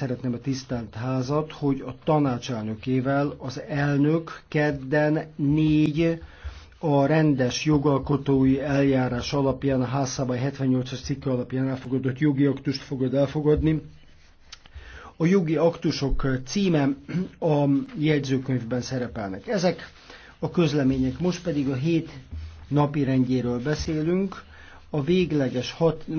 szeretném a tisztelt házat, hogy a tanácselnökével az elnök kedden négy a rendes jogalkotói eljárás alapján, a házszabály 78-as cikke alapján elfogadott jogi aktust fogod elfogadni. A jogi aktusok címe a jegyzőkönyvben szerepelnek. Ezek a közlemények. Most pedig a hét napi rendjéről beszélünk. A végleges hat